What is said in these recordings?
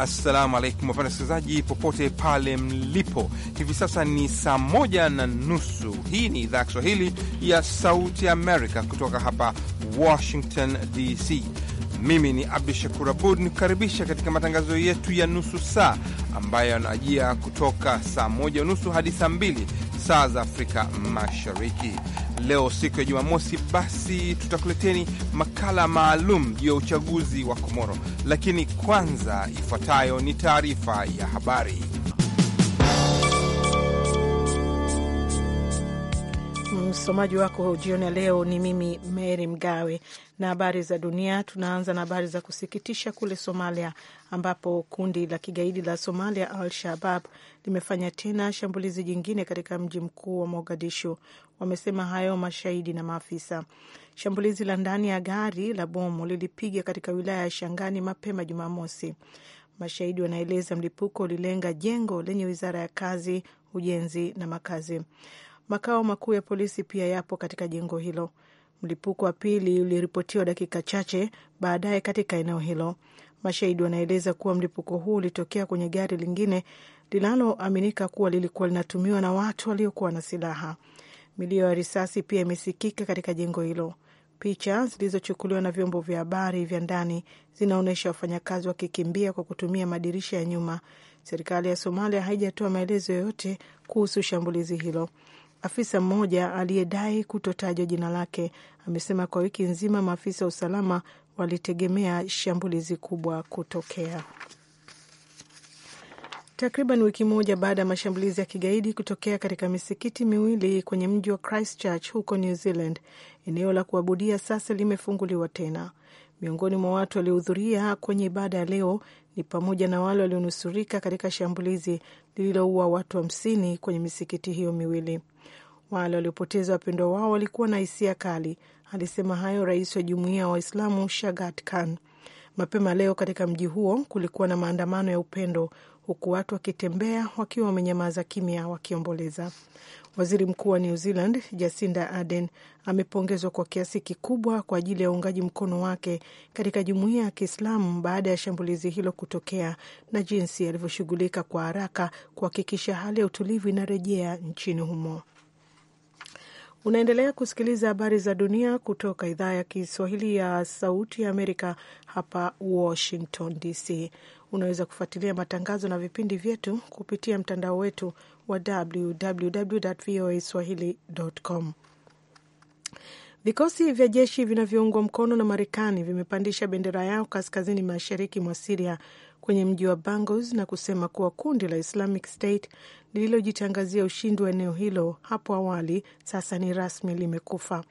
Assalamu alaikum wapenda wasikilizaji popote pale mlipo, hivi sasa ni saa moja na nusu. Hii ni idhaa ya Kiswahili ya Sauti Amerika kutoka hapa Washington DC. Mimi ni Abdu Shakur Abud nikukaribisha katika matangazo yetu ya nusu saa ambayo yanaajia kutoka saa moja nusu hadi saa mbili saa za Afrika Mashariki. Leo siku ya Jumamosi, basi tutakuleteni makala maalum juu ya uchaguzi wa Komoro, lakini kwanza ifuatayo ni taarifa ya habari. Msomaji wako jioni ya leo ni mimi Mary Mgawe na habari za dunia. Tunaanza na habari za kusikitisha kule Somalia, ambapo kundi la kigaidi la Somalia Al Shabab limefanya tena shambulizi jingine katika mji mkuu wa Mogadishu. Wamesema hayo mashahidi na maafisa. Shambulizi la ndani ya gari la bomu lilipiga katika wilaya ya Shangani mapema Jumamosi. Mashahidi wanaeleza mlipuko ulilenga jengo lenye wizara ya kazi, ujenzi na makazi. Makao makuu ya polisi pia yapo katika jengo hilo. Mlipuko wa pili uliripotiwa dakika chache baadaye katika eneo hilo. Mashahidi wanaeleza kuwa mlipuko huu ulitokea kwenye gari lingine linaloaminika kuwa lilikuwa linatumiwa na watu waliokuwa na silaha. Milio ya risasi pia imesikika katika jengo hilo. Picha zilizochukuliwa na vyombo vya habari vya ndani zinaonyesha wafanyakazi wakikimbia kwa kutumia madirisha ya nyuma. Serikali ya Somalia haijatoa maelezo yoyote kuhusu shambulizi hilo. Afisa mmoja aliyedai kutotajwa jina lake amesema kwa wiki nzima maafisa wa usalama walitegemea shambulizi kubwa kutokea. Takriban wiki moja baada ya mashambulizi ya kigaidi kutokea katika misikiti miwili kwenye mji wa Christchurch huko New Zealand, eneo la kuabudia sasa limefunguliwa tena. Miongoni mwa watu waliohudhuria kwenye ibada ya leo ni pamoja na wale walionusurika katika shambulizi lililoua watu hamsini wa kwenye misikiti hiyo miwili. Wale waliopoteza wapendwa wao walikuwa na hisia kali. Alisema hayo rais wa jumuiya ya Waislamu Shagat Khan. Mapema leo katika mji huo kulikuwa na maandamano ya upendo, huku watu wakitembea wakiwa wamenyamaza kimya wakiomboleza. Waziri Mkuu wa New Zealand Jacinda Ardern amepongezwa kwa kiasi kikubwa kwa ajili ya uungaji mkono wake katika jumuiya ya Kiislamu baada ya shambulizi hilo kutokea na jinsi alivyoshughulika kwa haraka kuhakikisha hali ya utulivu inarejea nchini humo. Unaendelea kusikiliza habari za dunia kutoka idhaa ya Kiswahili ya Sauti ya Amerika hapa Washington DC. Unaweza kufuatilia matangazo na vipindi vyetu kupitia mtandao wetu wa www voa swahili.com. Vikosi vya jeshi vinavyoungwa mkono na Marekani vimepandisha bendera yao kaskazini mashariki mwa Siria kwenye mji wa bangos na kusema kuwa kundi la Islamic State lililojitangazia ushindi wa eneo hilo hapo awali sasa ni rasmi limekufa.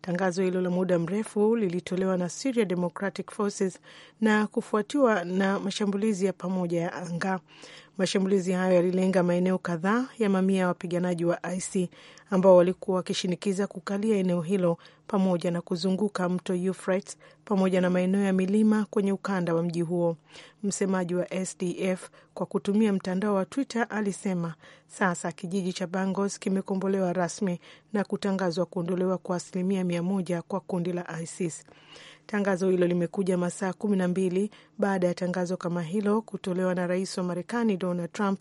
Tangazo hilo la muda mrefu lilitolewa na Syria Democratic Forces na kufuatiwa na mashambulizi ya pamoja ya anga. Mashambulizi hayo yalilenga maeneo kadhaa ya mamia ya wapiganaji wa IC ambao walikuwa wakishinikiza kukalia eneo hilo pamoja na kuzunguka mto Euphrates pamoja na maeneo ya milima kwenye ukanda wa mji huo. Msemaji wa SDF kwa kutumia mtandao wa Twitter alisema sasa kijiji cha Bangos kimekombolewa rasmi na kutangazwa kuondolewa kwa asilimia mia moja kwa kundi la ISIS. Tangazo hilo limekuja masaa kumi na mbili baada ya tangazo kama hilo kutolewa na rais wa Marekani Donald Trump,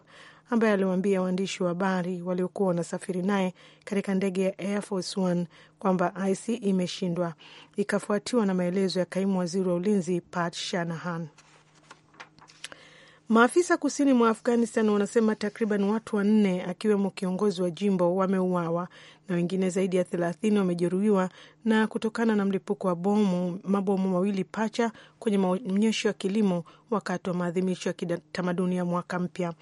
ambaye aliwaambia waandishi wa habari waliokuwa wanasafiri naye katika ndege ya Air Force One kwamba IC imeshindwa, ikafuatiwa na maelezo ya kaimu waziri wa ulinzi Pat Shanahan. Maafisa kusini mwa Afghanistan wanasema takriban watu wanne akiwemo kiongozi wa jimbo wameuawa na wengine zaidi ya thelathini wamejeruhiwa na kutokana na mlipuko wa bomu mabomu mawili pacha kwenye maonyesho ya kilimo wakati wa maadhimisho ya kitamaduni ya mwaka mpya.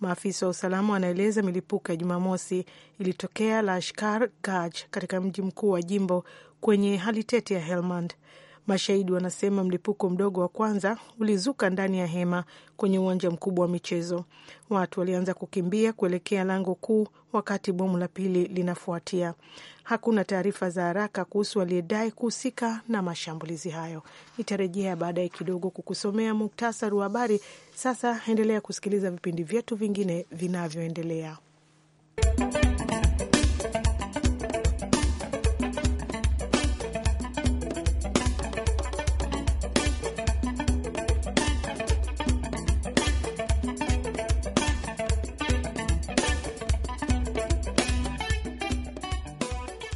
Maafisa wa usalama wanaeleza milipuko ya Jumamosi ilitokea Lashkar Gaj katika mji mkuu wa jimbo kwenye hali tete ya Helmand. Mashahidi wanasema mlipuko mdogo wa kwanza ulizuka ndani ya hema kwenye uwanja mkubwa wa michezo. Watu walianza kukimbia kuelekea lango kuu, wakati bomu la pili linafuatia. Hakuna taarifa za haraka kuhusu aliyedai kuhusika na mashambulizi hayo. Nitarejea baadaye kidogo kukusomea muktasari wa habari. Sasa endelea kusikiliza vipindi vyetu vingine vinavyoendelea.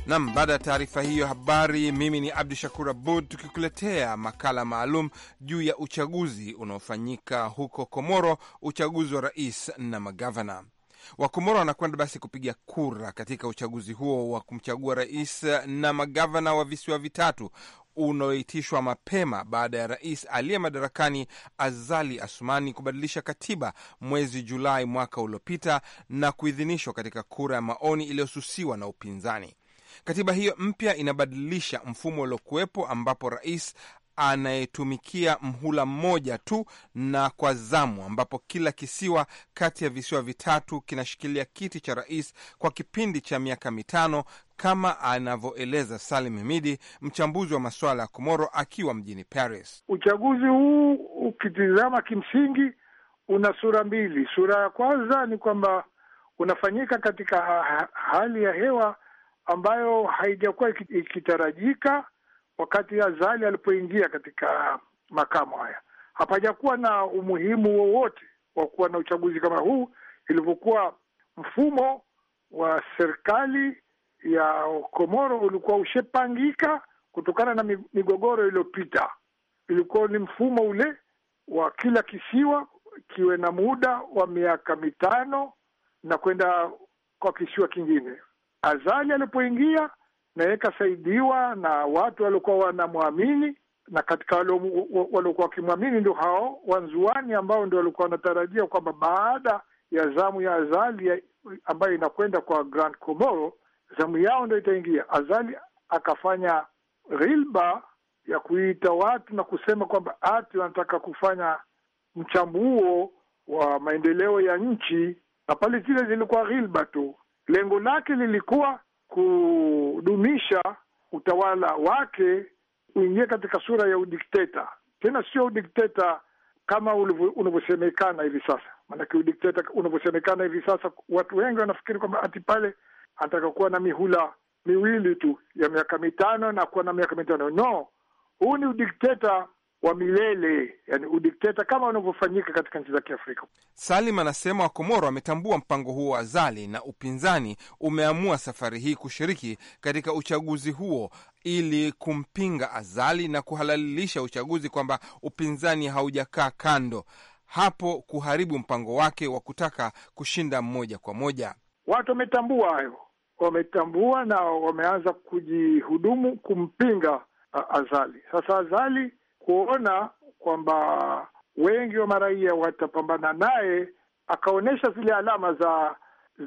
Nam, baada ya taarifa hiyo habari, mimi ni Abdu Shakur Abud, tukikuletea makala maalum juu ya uchaguzi unaofanyika huko Komoro, uchaguzi wa rais na magavana. Wakomoro wanakwenda basi kupiga kura katika uchaguzi huo wa kumchagua rais na magavana wa visiwa vitatu unaoitishwa mapema baada ya rais aliye madarakani Azali Asumani kubadilisha katiba mwezi Julai mwaka uliopita na kuidhinishwa katika kura ya maoni iliyosusiwa na upinzani. Katiba hiyo mpya inabadilisha mfumo uliokuwepo ambapo rais anayetumikia mhula mmoja tu na kwa zamu, ambapo kila kisiwa kati ya visiwa vitatu kinashikilia kiti cha rais kwa kipindi cha miaka mitano, kama anavyoeleza Salim Himidi, mchambuzi wa masuala ya Komoro akiwa mjini Paris. Uchaguzi huu ukitizama, kimsingi una sura mbili. Sura ya kwanza ni kwamba unafanyika katika hali ya hewa ambayo haijakuwa ikitarajika wakati Azali alipoingia katika makamo haya. Hapajakuwa na umuhimu wowote wa kuwa na uchaguzi kama huu ilivyokuwa mfumo wa serikali ya Komoro ulikuwa ushepangika kutokana na migogoro iliyopita. Ilikuwa ni mfumo ule wa kila kisiwa kiwe na muda wa miaka mitano na kwenda kwa kisiwa kingine. Azali alipoingia na yeye kasaidiwa na watu waliokuwa wanamwamini, na katika waliokuwa wakimwamini ndio hao wanzuani ambao ndio walikuwa wanatarajia kwamba baada ya zamu ya Azali ambayo inakwenda kwa Grand Comoro, zamu yao ndio itaingia. Azali akafanya ghilba ya kuita watu na kusema kwamba ati wanataka kufanya mchambuo wa maendeleo ya nchi, na pale zile zilikuwa ghilba tu Lengo lake lilikuwa kudumisha utawala wake uingie katika sura ya udikteta, tena sio udikteta kama unavyosemekana hivi sasa. Maanake udikteta unavyosemekana hivi sasa, watu wengi wanafikiri kwamba ati pale anataka kuwa na mihula miwili tu ya miaka mitano na kuwa na miaka mitano. No, huu ni udikteta wa milele, yani udikteta kama unavyofanyika katika nchi za Kiafrika. Salim anasema Wakomoro wametambua mpango huo wa Azali na upinzani umeamua safari hii kushiriki katika uchaguzi huo ili kumpinga Azali na kuhalalisha uchaguzi, kwamba upinzani haujakaa kando hapo kuharibu mpango wake wa kutaka kushinda moja kwa moja. Watu wametambua hayo, wametambua na wameanza kujihudumu kumpinga Azali. Sasa Azali kuona kwamba wengi wa maraia watapambana naye, akaonyesha zile alama za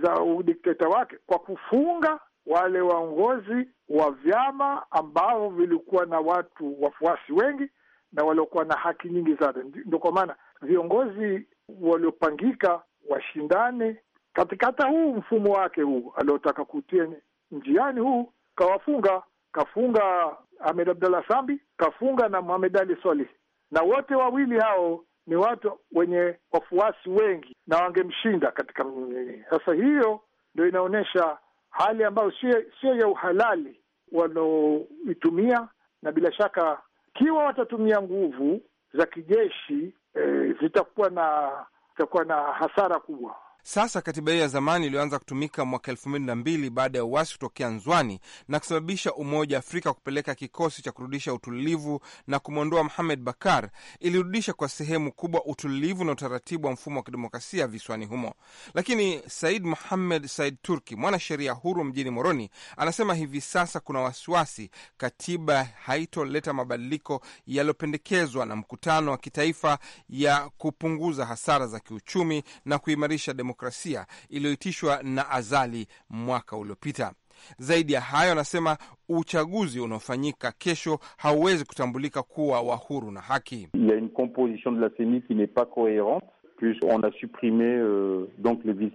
za udikteta wake kwa kufunga wale waongozi wa vyama ambao vilikuwa na watu wafuasi wengi na waliokuwa na haki nyingi zake. Ndio kwa maana viongozi waliopangika washindane katikata huu mfumo wake huu aliotaka kutia njiani huu, kawafunga kafunga Ahmed Abdallah Sambi kafunga na Mohamed Ali Solih, na wote wawili hao ni watu wenye wafuasi wengi na wangemshinda katika nini. Sasa hiyo ndio inaonyesha hali ambayo sio ya uhalali wanaoitumia, na bila shaka kiwa watatumia nguvu za kijeshi e, zitakuwa na zitakuwa na hasara kubwa. Sasa katiba hiyo ya zamani iliyoanza kutumika mwaka elfu mbili na mbili baada ya uasi kutokea Nzwani na kusababisha Umoja wa Afrika kupeleka kikosi cha kurudisha utulivu na kumwondoa Mohamed Bakar, ilirudisha kwa sehemu kubwa utulivu na utaratibu wa mfumo wa kidemokrasia visiwani humo. Lakini Said Muhamed Said Turki, mwanasheria huru mjini Moroni, anasema hivi sasa kuna wasiwasi katiba haitoleta mabadiliko yaliyopendekezwa na mkutano wa kitaifa ya kupunguza hasara za kiuchumi na kuimarisha demokrasia demokrasia iliyoitishwa na Azali mwaka uliopita. Zaidi ya hayo, anasema uchaguzi unaofanyika kesho hauwezi kutambulika kuwa wa huru na haki. Il y a une composition de la CENI qui n'est pas On a euh, donc le vice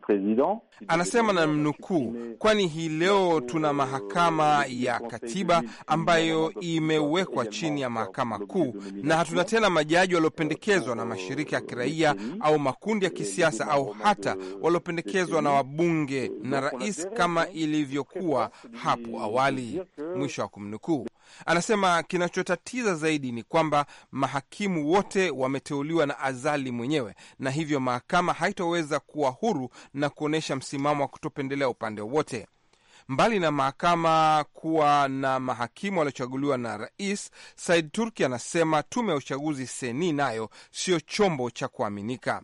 Anasema na mnukuu, kwani hii leo tuna mahakama ya katiba ambayo imewekwa chini ya mahakama kuu, na hatuna tena majaji waliopendekezwa na mashirika ya kiraia au makundi ya kisiasa au hata waliopendekezwa na wabunge na rais kama ilivyokuwa hapo awali, mwisho wa kumnukuu. Anasema kinachotatiza zaidi ni kwamba mahakimu wote wameteuliwa na Azali mwenyewe, na hivyo mahakama haitoweza kuwa huru na kuonyesha msimamo wa kutopendelea upande wowote. Mbali na mahakama kuwa na mahakimu waliochaguliwa na rais, Said Turki anasema tume ya uchaguzi seni nayo sio chombo cha kuaminika.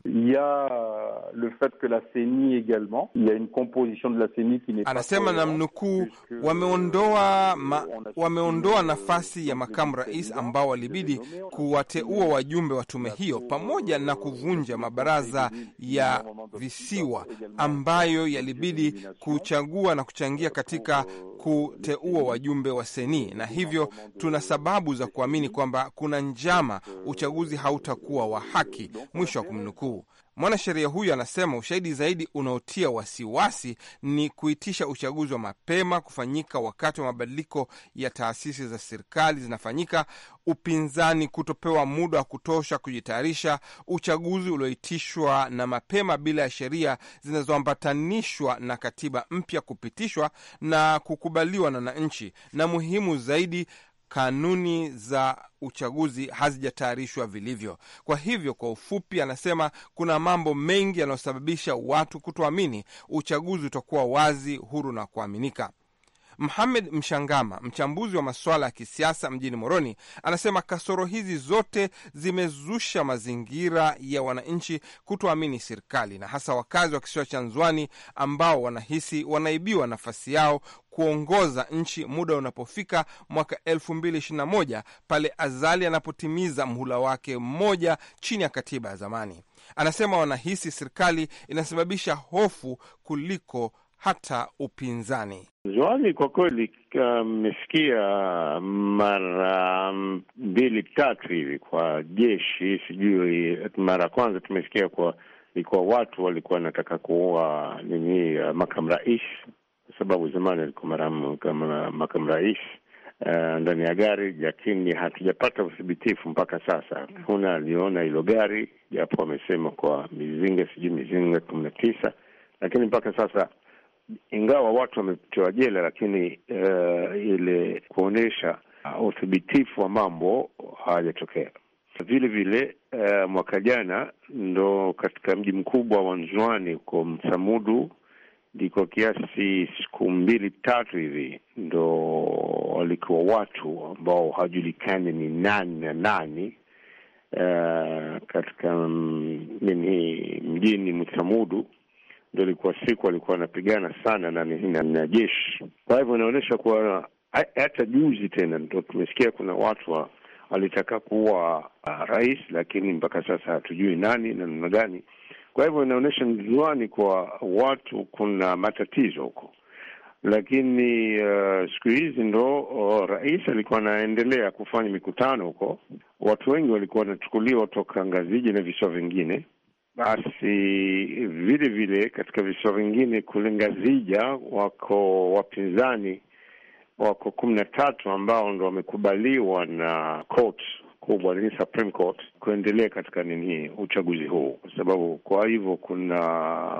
Anasema na mnukuu, euh, wameondoa ma, wameondoa nafasi ya makamu rais ambao walibidi kuwateua wajumbe wa tume hiyo pamoja na kuvunja mabaraza ya visiwa ambayo yalibidi kuchagua na kuchangia katika kuteua wajumbe wa Seni, na hivyo tuna sababu za kuamini kwamba kuna njama uchaguzi hautakuwa wa haki, mwisho wa kumnukuu. Mwanasheria huyo anasema ushahidi zaidi unaotia wasiwasi ni kuitisha uchaguzi wa mapema kufanyika wakati wa mabadiliko ya taasisi za serikali zinafanyika, upinzani kutopewa muda wa kutosha kujitayarisha, uchaguzi ulioitishwa na mapema bila ya sheria zinazoambatanishwa na katiba mpya kupitishwa na kukubaliwa na wananchi, na muhimu zaidi kanuni za uchaguzi hazijatayarishwa vilivyo. Kwa hivyo, kwa ufupi, anasema kuna mambo mengi yanayosababisha watu kutoamini uchaguzi utakuwa wazi, huru na kuaminika. Mhamed Mshangama, mchambuzi wa masuala ya kisiasa mjini Moroni, anasema kasoro hizi zote zimezusha mazingira ya wananchi kutoamini serikali na hasa wakazi wa kisiwa cha Nzwani ambao wanahisi wanaibiwa nafasi yao kuongoza nchi muda unapofika mwaka 2021 pale Azali anapotimiza mhula wake mmoja chini ya katiba ya zamani. Anasema wanahisi serikali inasababisha hofu kuliko hata upinzani. Zoazi kwa kweli imefikia mara mbili tatu hivi kwa jeshi, sijui mara ya kwanza tumesikia kwa ilikuwa watu walikuwa wanataka kuua nini, uh, makamu rais, kwa sababu zamani alikuwa makamu rais uh, ndani ya gari, lakini hatujapata uthibitifu mpaka sasa. Hakuna aliona hilo gari, japo wamesema kwa mizinga, sijui mizinga kumi na tisa, lakini mpaka sasa ingawa watu wamepitiwa jela, lakini eh, uh, ile kuonyesha uthibitifu wa mambo hawajatokea. Vile vile uh, mwaka jana ndo katika mji mkubwa wa Nzwani huko Msamudu ndiko kiasi siku mbili tatu hivi ndo walikuwa watu ambao hawajulikani ni nani na nani uh, katika mm, mjini Msamudu ndo ilikuwa siku alikuwa anapigana sana na na jeshi. Kwa hivyo inaonyesha kuwa hata juzi tena ndo tumesikia kuna watu wa, alitaka kuwa uh, ah, rais, lakini mpaka sasa hatujui nani na namna gani. Kwa hivyo inaonyesha mzuani kwa watu kuna matatizo huko, lakini uh, siku hizi ndo uh, oh, rais alikuwa anaendelea kufanya mikutano huko. Watu wengi walikuwa wanachukuliwa toka Ngaziji na visiwa vingine basi vile vile katika visiwa vingine kule Ngazija wako wapinzani wako kumi na tatu ambao ndo wamekubaliwa na court kubwa ni Supreme Court kuendelea katika nini uchaguzi huu, kwa sababu kwa hivyo kuna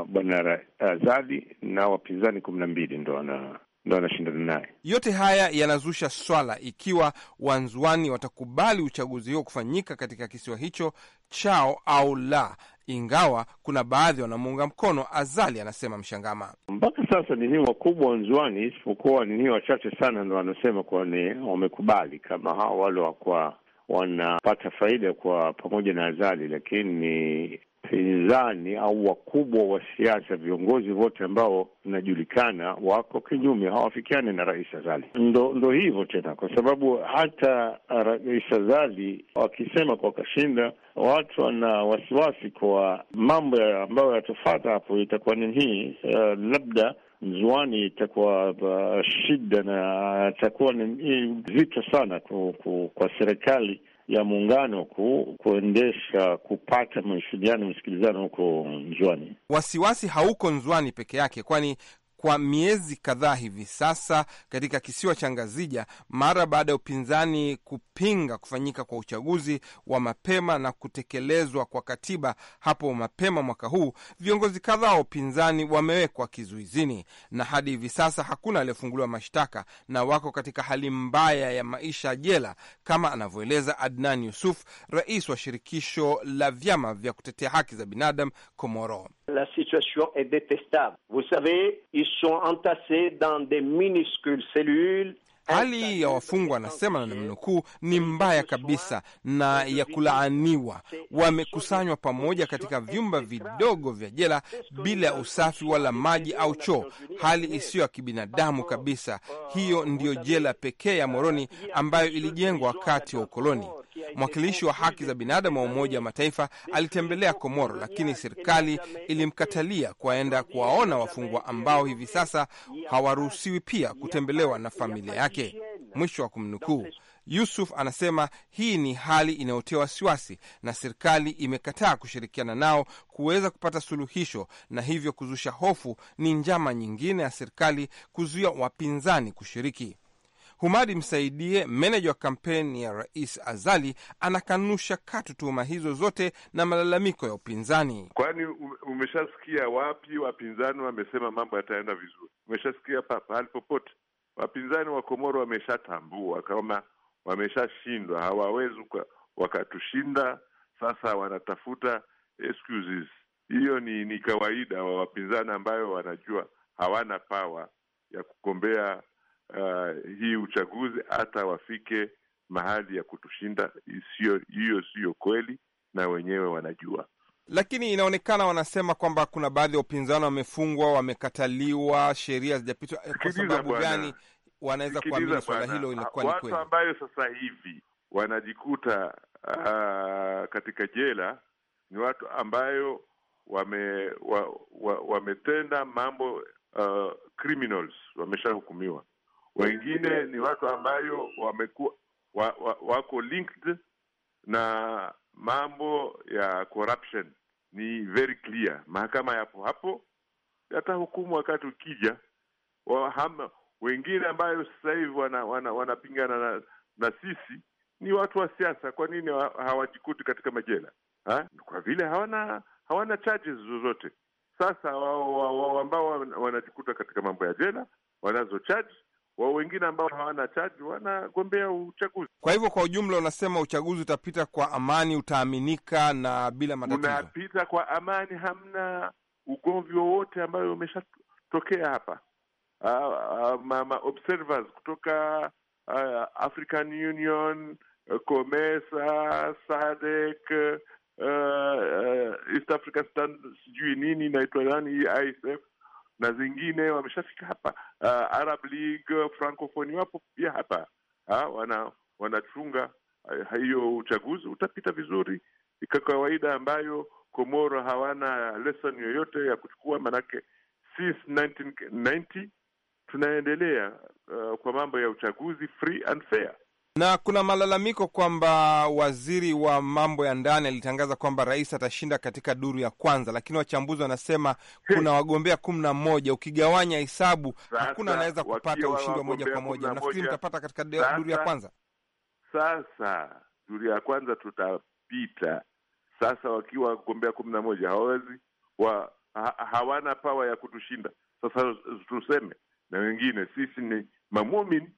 bwana Azadi na wapinzani kumi na mbili ndo wana ndo anashindana naye. Yote haya yanazusha swala ikiwa Wanzwani watakubali uchaguzi huo kufanyika katika kisiwa hicho chao au la, ingawa kuna baadhi wanamuunga mkono. Azali anasema Mshangama, mpaka sasa nini wakubwa Wanzwani isipokuwa nini wachache sana ndo wanasema kuwa ni wamekubali kama hao wale wakwa wanapata faida kwa pamoja na Azali, lakini pinzani au wakubwa wa siasa, viongozi wote ambao inajulikana wako kinyume, hawafikiani na Rais Azali. Ndo, ndo hivyo tena, kwa sababu hata Rais Azali wakisema kwa kashinda, watu wana wasiwasi kwa mambo ambayo yatofata hapo, itakuwa nini hii? Uh, labda mzuani itakuwa uh, shida na itakuwa ni vito sana kwa serikali ya muungano ku, kuendesha kupata mashindano msikilizano huko Nzwani. Wasiwasi hauko Nzwani peke yake, kwani kwa miezi kadhaa hivi sasa katika kisiwa cha Ngazija mara baada ya upinzani kupinga kufanyika kwa uchaguzi wa mapema na kutekelezwa kwa katiba hapo mapema mwaka huu. Viongozi kadhaa wa upinzani wamewekwa kizuizini na hadi hivi sasa hakuna aliyefunguliwa mashtaka na wako katika hali mbaya ya maisha jela, kama anavyoeleza Adnan Yusuf, rais wa shirikisho la vyama vya kutetea haki za binadamu Komoro. La situation est detestable. Vous savez, ils sont entassés dans des minuscules cellules. Hali ya wafungwa anasema, na mnukuu, ni mbaya kabisa na ya kulaaniwa. Wamekusanywa pamoja katika vyumba vidogo vya jela bila ya usafi wala maji au choo, hali isiyo ya kibinadamu kabisa. Hiyo ndiyo jela pekee ya Moroni ambayo ilijengwa wakati wa ukoloni. Mwakilishi wa haki za binadamu wa Umoja wa Mataifa alitembelea Komoro, lakini serikali ilimkatalia kuwaenda kuwaona wafungwa ambao hivi sasa hawaruhusiwi pia kutembelewa na familia yake. Mwisho wa kumnukuu. Yusuf anasema hii ni hali inayotia wasiwasi na serikali imekataa kushirikiana nao kuweza kupata suluhisho, na hivyo kuzusha hofu ni njama nyingine ya serikali kuzuia wapinzani kushiriki. Humadi Msaidie, meneja wa kampeni ya Rais Azali, anakanusha katu tuhuma hizo zote na malalamiko ya upinzani. Kwani umeshasikia wapi wapinzani wamesema mambo yataenda vizuri? Umeshasikia hali popote? Wapinzani wa Komoro wameshatambua kama wameshashindwa, hawawezi wakatushinda. Sasa wanatafuta excuses. Hiyo ni, ni kawaida wa wapinzani ambayo wanajua hawana pawa ya kugombea uh, hii uchaguzi hata wafike mahali ya kutushinda. Hiyo siyo kweli na wenyewe wanajua, lakini inaonekana wanasema kwamba kuna baadhi ya upinzani wamefungwa, wamekataliwa, sheria hazijapitwa. Kwa sababu gani wanaweza kuamini swala hilo ilikuwa ni kweli? Watu ambayo sasa hivi wanajikuta uh, katika jela ni watu ambayo wame, wa, wa, wametenda mambo uh, criminals wameshahukumiwa wengine ni watu ambayo wamekuwa wa, wa, wako linked na mambo ya corruption. Ni very clear, mahakama yapo hapo hukumu wakati ukija. Wahama, wengine ambayo sasa hivi wanapingana wana, wana na, na sisi ni watu wa siasa. Kwa nini hawajikuti katika majela ha? Kwa vile hawana hawana charges zozote. Sasa wao ambao wanajikuta katika mambo ya jela wanazo charge wao wengine ambao hawana chaji wanagombea uchaguzi. Kwa hivyo kwa ujumla, unasema uchaguzi utapita kwa amani, utaaminika na bila matatizo, unapita kwa amani, hamna ugomvi wowote ambayo umeshatokea hapa. Uh, ma, ma observers kutoka uh, African Union, uh, COMESA, SADC, uh, uh, East Africa sijui nini inaitwa nani, ISF na zingine wameshafika hapa. Uh, Arab League, uh, Francophone wapo pia hapa ha, wana- wanachunga uh, hiyo uchaguzi utapita vizuri kwa kawaida, ambayo Komoro hawana lesson yoyote ya kuchukua, manake since 1990 tunaendelea uh, kwa mambo ya uchaguzi free and fair. Na kuna malalamiko kwamba waziri wa mambo ya ndani alitangaza kwamba rais atashinda katika duru ya kwanza, lakini wachambuzi wanasema kuna wagombea kumi na moja. Ukigawanya hesabu, hakuna anaweza kupata ushindi wa moja kwa moja. Nafikiri mtapata katika sasa, duru ya kwanza. Sasa duru ya kwanza tutapita. Sasa wakiwa wagombea kumi na moja hawawezi wa, ha, hawana pawa ya kutushinda. Sasa tuseme na wengine, sisi ni mamumin,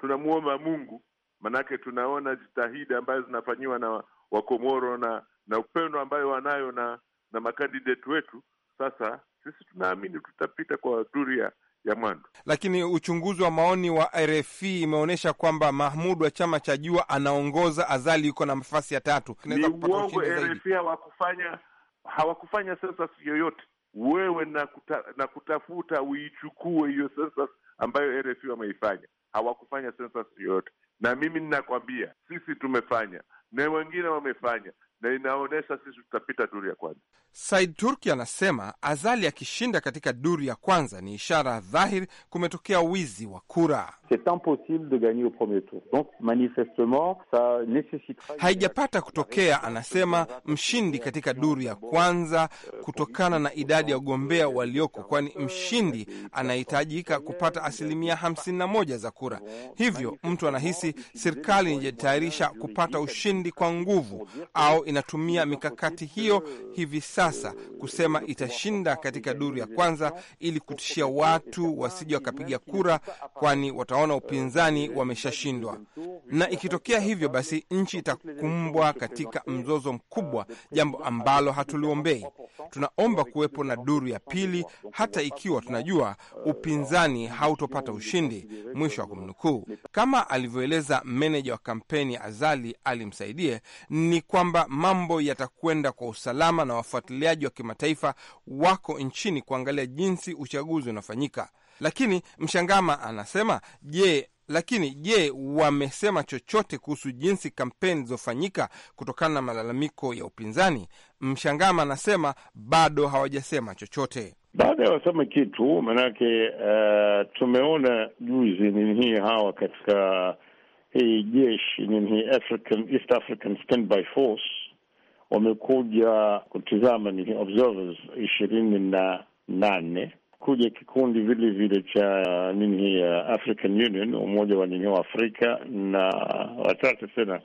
tunamuomba Mungu manake tunaona jitahidi ambazo zinafanyiwa na Wakomoro na na upendo ambayo wanayo na na makandidati wetu. Sasa sisi tunaamini tutapita kwa duri ya ya Mwandu. Lakini uchunguzi wa maoni wa RFI imeonyesha kwamba Mahmud wa chama cha Jua anaongoza, Azali yuko na nafasi ya tatu. Ni uongo, RFI hawakufanya hawakufanya yoyote. Wewe na, kuta, na kutafuta uichukue hiyo sensa ambayo RFI wameifanya, hawakufanya sensa yoyote na mimi ninakwambia, sisi tumefanya na wengine wamefanya, na inaonyesha sisi tutapita duru ya kwanza. Said Turki anasema Azali akishinda katika duru ya kwanza ni ishara dhahiri kumetokea wizi wa kura. Haijapata kutokea, anasema mshindi katika duru ya kwanza kutokana na idadi ya wagombea walioko, kwani mshindi anahitajika kupata asilimia 51 za kura. Hivyo mtu anahisi serikali inajitayarisha kupata ushindi kwa nguvu au inatumia mikakati hiyo hivi sasa kusema itashinda katika duru ya kwanza, ili kutishia watu wasije wakapiga kura, kwani wataona upinzani wameshashindwa. Na ikitokea hivyo basi, nchi itakumbwa katika mzozo mkubwa, jambo ambalo hatuliombei. Tunaomba kuwepo na duru ya pili, hata ikiwa tunajua upinzani hautopata ushindi. Mwisho wa kumnukuu. Kama alivyoeleza meneja wa kampeni Azali alimsaidie, ni kwamba mambo yatakwenda kwa usalama, na wafuatiliaji wa kimataifa wako nchini kuangalia jinsi uchaguzi unafanyika. Lakini Mshangama anasema je, lakini je, wamesema chochote kuhusu jinsi kampeni zilizofanyika kutokana na malalamiko ya upinzani? Mshangama anasema bado hawajasema chochote. Baada ya wasema kitu manake, uh, tumeona juzi nini hii hawa katika hii jeshi nini hii African, East African Standby Force wamekuja kutizama ni observers ishirini na nane kuja kikundi vile vile cha nini hii African Union, umoja wa nini wa Afrika na wachache tena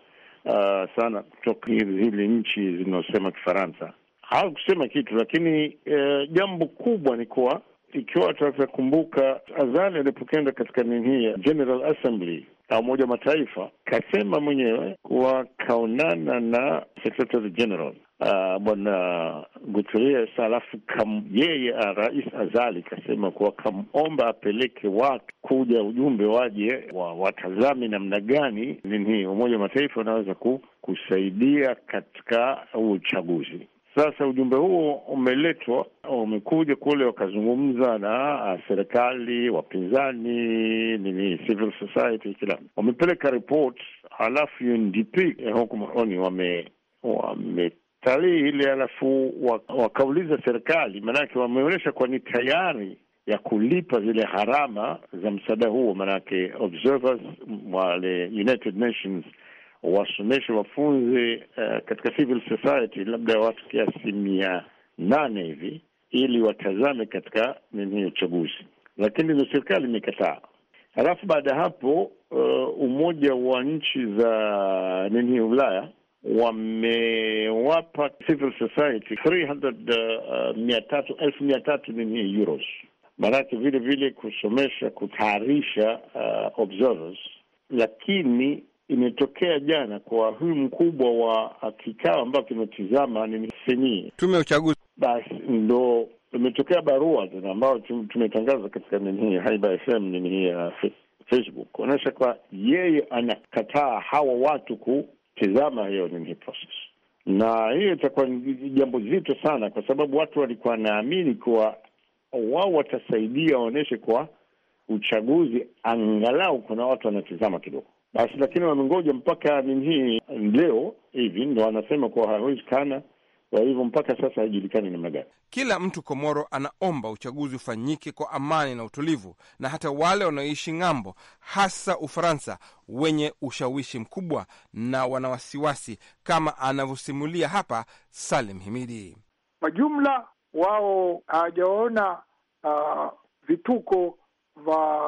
uh, sana kutoka zile nchi zinaosema Kifaransa hawakusema kitu, lakini uh, jambo kubwa ni kuwa ikiwa tutakumbuka Azali alipokenda katika nini hii General Assembly na Umoja wa Mataifa kasema mwenyewe kuwa kaonana na Secretary General uh, bwana Guterres, alafu yeye uh, rais Azali kasema kuwa kamomba apeleke watu kuja ujumbe waje wa, watazame namna gani nini Umoja wa Mataifa unaweza ku, kusaidia katika uchaguzi. Sasa ujumbe huo umeletwa, umekuja kule, wakazungumza na ah, serikali, wapinzani, nini, civil society, kila wamepeleka ripoti, halafu UNDP eh, hukumaoni wame wametalii ile, halafu wakauliza serikali, maanake wameonyesha kuwa ni tayari ya kulipa zile harama za msaada huo, maanake observers wale United Nations wasomeshe wafunzi uh, eh, katika civil society labda watu kiasi mia nane hivi ili watazame katika nini uchaguzi, lakini ndio serikali imekataa. Halafu baada ya hapo uh, umoja wa nchi za nini Ulaya wamewapa civil society eh, mia tatu elfu mia tatu nini euros, maanake vile vile kusomesha kutayarisha uh, observers, lakini imetokea jana kwa huyu mkubwa wa kikao ambayo kimetizama ni senii tume ya uchaguzi. Basi ndo imetokea barua tena ambayo tumetangaza katika nini hii Haiba FM nini hii ya Facebook kuonyesha kwa yeye anakataa hawa watu kutizama hiyo nini process, na hiyo itakuwa ni jambo zito sana, kwa sababu watu walikuwa wanaamini kuwa wao watasaidia waonyeshe kwa uchaguzi angalau kuna watu wanatizama kidogo basi lakini wamengoja mpaka nini leo hivi ndo wanasema kuwa hawezekana. Kwa hivyo mpaka sasa haijulikani namna gani. Kila mtu Komoro anaomba uchaguzi ufanyike kwa amani na utulivu, na hata wale wanaoishi ng'ambo, hasa Ufaransa, wenye ushawishi mkubwa na wanawasiwasi, kama anavyosimulia hapa Salim Himidi. Kwa jumla wao hawajaona uh, vituko vya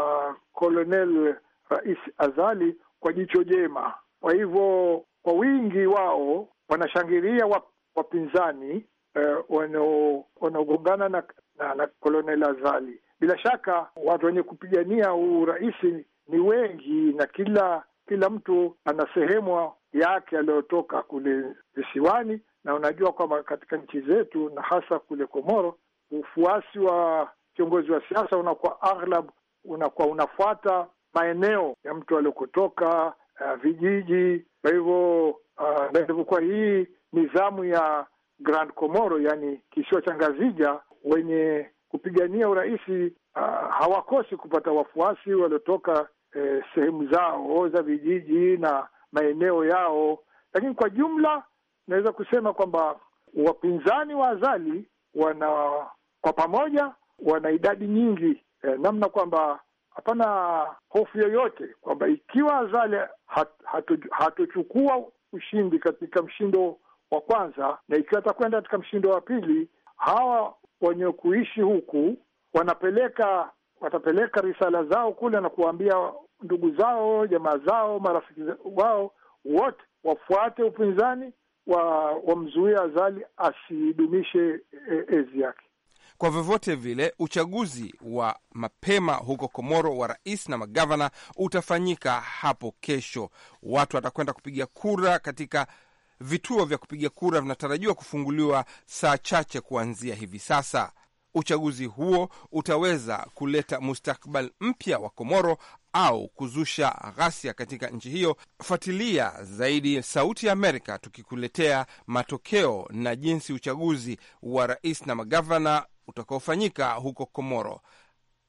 Kolonel Rais Azali kwa jicho jema. Kwa hivyo kwa wingi wao wanashangilia wapinzani eh, wanaogongana na, na, na Kolonel Azali. Bila shaka watu wenye kupigania urais ni wengi na kila kila mtu ana sehemu yake aliyotoka kule visiwani, na unajua kwamba katika nchi zetu na hasa kule Komoro, ufuasi wa kiongozi wa siasa unakuwa aghlab unakuwa unafuata maeneo ya mtu aliokutoka, uh, eh, vijiji. Kwa hivyo uh, na ilivyokuwa hii nizamu ya Grand Comoro, yani kisiwa cha Ngazija, wenye kupigania urahisi uh, hawakosi kupata wafuasi waliotoka uh, sehemu zao za vijiji na maeneo yao, lakini kwa jumla naweza kusema kwamba wapinzani wa Azali wana kwa pamoja wana idadi nyingi eh, namna kwamba hapana hofu yoyote kwamba ikiwa Azali hat, hatochukua hatuchukua ushindi katika mshindo wa kwanza na ikiwa atakwenda katika mshindo wa pili, hawa wenye kuishi huku wanapeleka watapeleka risala zao kule na kuwaambia ndugu zao, jamaa zao, marafiki wao wote wafuate upinzani, wamzuia wa Azali asidumishe e-, ezi yake. Kwa vyovyote vile, uchaguzi wa mapema huko Komoro wa rais na magavana utafanyika hapo kesho. Watu watakwenda kupiga kura katika vituo vya kupiga kura vinatarajiwa kufunguliwa saa chache kuanzia hivi sasa. Uchaguzi huo utaweza kuleta mustakbal mpya wa Komoro au kuzusha ghasia katika nchi hiyo. Fuatilia zaidi Sauti ya Amerika tukikuletea matokeo na jinsi uchaguzi wa rais na magavana utakaofanyika huko Komoro.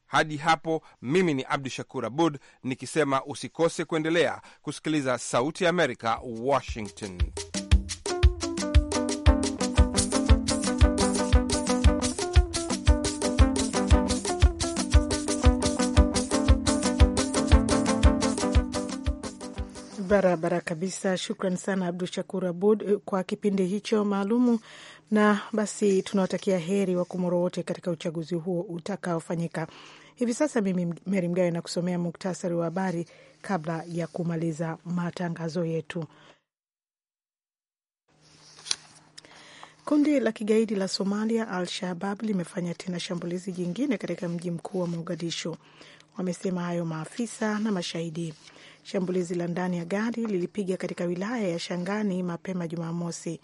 Hadi hapo mimi ni Abdu Shakur Abud nikisema usikose kuendelea kusikiliza Sauti ya Amerika, Washington. Barabara kabisa. Shukran sana Abdu Shakur Abud eh, kwa kipindi hicho maalumu, na basi tunawatakia heri Wakomoro wote katika uchaguzi huo utakaofanyika hivi sasa. Mimi Meri Mgawe na kusomea muktasari wa habari kabla ya kumaliza matangazo yetu. Kundi la kigaidi la Somalia Al Shabab limefanya tena shambulizi jingine katika mji mkuu wa Mogadishu. Wamesema hayo maafisa na mashahidi. Shambulizi la ndani ya gari lilipiga katika wilaya ya Shangani mapema Jumamosi.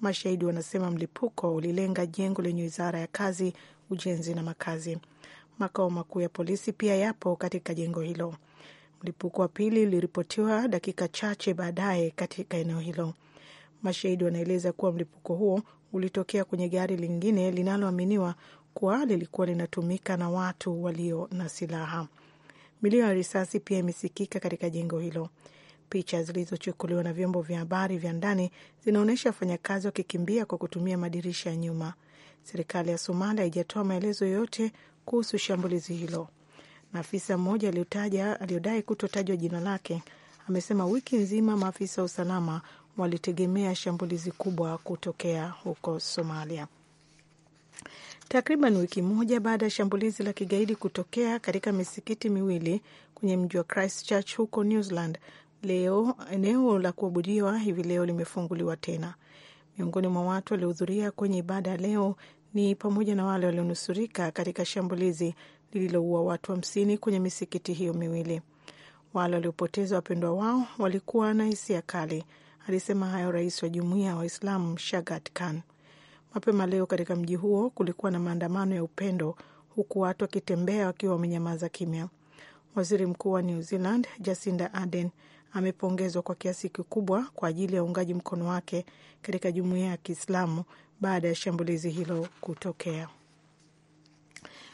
Mashahidi wanasema mlipuko ulilenga jengo lenye wizara ya kazi, ujenzi na makazi. Makao makuu ya polisi pia yapo katika jengo hilo. Mlipuko wa pili uliripotiwa dakika chache baadaye katika eneo hilo. Mashahidi wanaeleza kuwa mlipuko huo ulitokea kwenye gari lingine linaloaminiwa kuwa lilikuwa linatumika na watu walio na silaha. Milio ya risasi pia imesikika katika jengo hilo. Picha zilizochukuliwa na vyombo vya habari vya ndani zinaonyesha wafanyakazi wakikimbia kwa kutumia madirisha ya nyuma. Serikali ya Somalia haijatoa maelezo yoyote kuhusu shambulizi hilo, maafisa mmoja mmoja aliyodai kutotajwa jina lake amesema wiki nzima maafisa wa usalama walitegemea shambulizi kubwa kutokea huko Somalia takriban wiki moja baada ya shambulizi la kigaidi kutokea katika misikiti miwili kwenye mji wa Christchurch huko New Zealand. Leo eneo la kuabudiwa hivi leo limefunguliwa tena. Miongoni mwa watu waliohudhuria kwenye ibada ya leo ni pamoja na wale walionusurika katika shambulizi lililoua watu hamsini wa kwenye misikiti hiyo miwili. Wale waliopoteza wapendwa wao walikuwa na hisia kali. Alisema hayo rais wa jumuiya ya Waislamu Shagat Khan. Mapema leo katika mji huo kulikuwa na maandamano ya upendo, huku watu wakitembea wakiwa wamenyamaza kimya. Waziri Mkuu wa New Zealand Jacinda Ardern amepongezwa kwa kiasi kikubwa kwa ajili ya uungaji mkono wake katika jumuiya ya Kiislamu baada ya shambulizi hilo kutokea.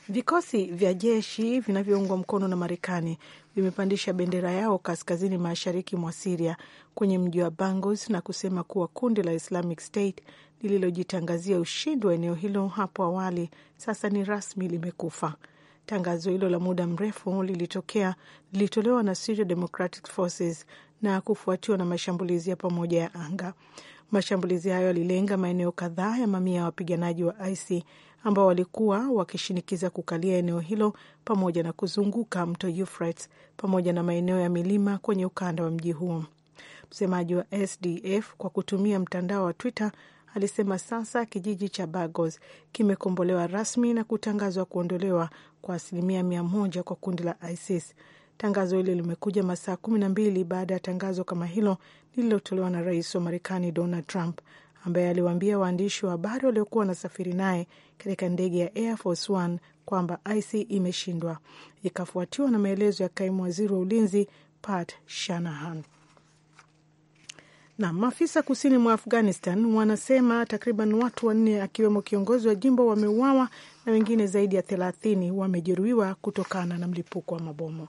Vikosi vya jeshi vinavyoungwa mkono na Marekani vimepandisha bendera yao kaskazini mashariki mwa Siria kwenye mji wa Bangos na kusema kuwa kundi la Islamic State lililojitangazia ushindi wa eneo hilo hapo awali sasa ni rasmi limekufa. Tangazo hilo la muda mrefu lilitokea lilitolewa na Syria Democratic Forces na kufuatiwa na mashambulizi ya pamoja ya anga. Mashambulizi hayo yalilenga maeneo kadhaa ya mamia ya wapiganaji wa IC ambao walikuwa wakishinikiza kukalia eneo hilo pamoja na kuzunguka mto Euphrates pamoja na maeneo ya milima kwenye ukanda wa mji huo. Msemaji wa SDF kwa kutumia mtandao wa Twitter alisema sasa kijiji cha Bagos kimekombolewa rasmi na kutangazwa kuondolewa kwa asilimia mia moja kwa kundi la ISIS. Tangazo hilo limekuja masaa kumi na mbili baada ya tangazo kama hilo lililotolewa na rais wa Marekani Donald Trump ambaye aliwaambia waandishi wa habari waliokuwa wanasafiri naye katika ndege ya Air Force One kwamba IC imeshindwa, ikafuatiwa na maelezo ya kaimu waziri wa ulinzi Pat Shanahan. Na maafisa kusini mwa Afghanistan wanasema takriban watu wanne akiwemo kiongozi wa jimbo wameuawa na wengine zaidi ya thelathini wamejeruhiwa kutokana na mlipuko wa mabomu.